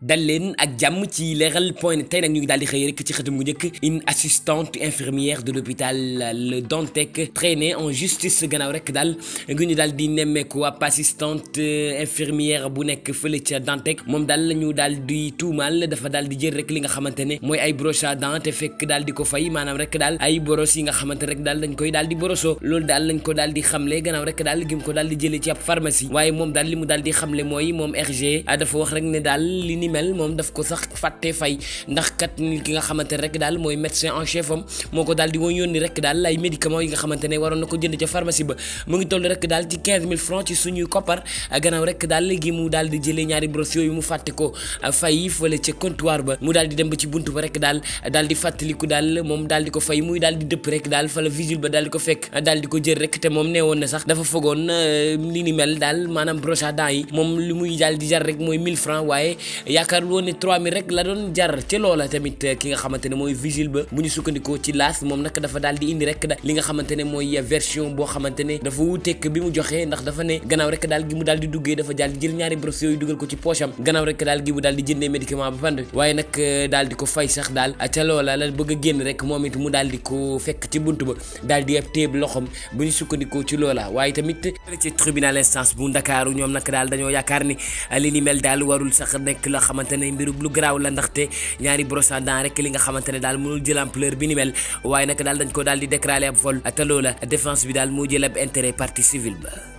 dal leen ak jàmm ci leeral point tey nag ñu ngi daal di xëy rek ci xëtam gu njëkk une assistante infirmière de l'hôpital Le Dantec traînée en justice gannaaw rek daal ngi ñu daal di nemmeeku ab assistante euh, infirmière bu nekk fële ca moom daal ñu daal di tuumaal dafa daal di jël rek li nga xamante ne mooy ay brosse à dents te fekk daal di ko fay maanaam rek daal ay boros yi nga xamante rek daal dañ koy daal di borosoo loolu daal lañ ko daal di xamle gannaaw rek daal gim ko daal di jëlee ci ab pharmacie waaye moom daal li mu daal di xamle mooy moom RG dafa wax ni mel moom daf ko sax fàtte fay ndax kat ni ki nga xamante ne rek daal mooy médecin di woon yónni rek daal ay francs ci suñuy koppar gannaaw rek daal léegi mu daal di jëlee ñaari brosse yooyu mu fàtte ko fay fële ca comptoir ba mu daal di dem ba ci buntu ba rek daal daal di fàttaliku daal moom daal di ko fay muy daal di dëpp rek daal fa la ba daal di ko fekk daal di ko jël rek te moom nee woon na sax dafa fogoon euh, li ni mel daal maanaam brosse à yi moom li muy daal di jar rek mooy 1000 francs waaye yaakaarul woon ni 3000 rek la doon jar ci loola tamit eh, ki nga xamante ne mooy vigile ba bu ñu sukkandikoo ci laas moom nag dafa daal di indi rek li nga xamante ne mooy version boo xamante ne dafa wuuteeg bi mu joxee ndax dafa ne rek daal gi mu daal di duggee dafa daal di jël ñaari brosse yooyu dugal ko ci poche am gannaaw rek daal gi mu daal eh, ko fay sax daal ca loola la génn rek moom it mu daal ko fekk ci bunt ba daal ci loola waaye tamit ci tribunal instance bu Ndakaaru ñoom nag daal dañoo yaakaar ni li ni mel daal warul sax nekk la xamante ne mbirub lu garaaw la ndaxte ñaari brosse à dents rek li nga xamante ne daal mënul jël ampleur bi ni waaye nag daal dañ ko daal di déclaré ab a te loola défense bi daal moo jël ab intérêt partie civile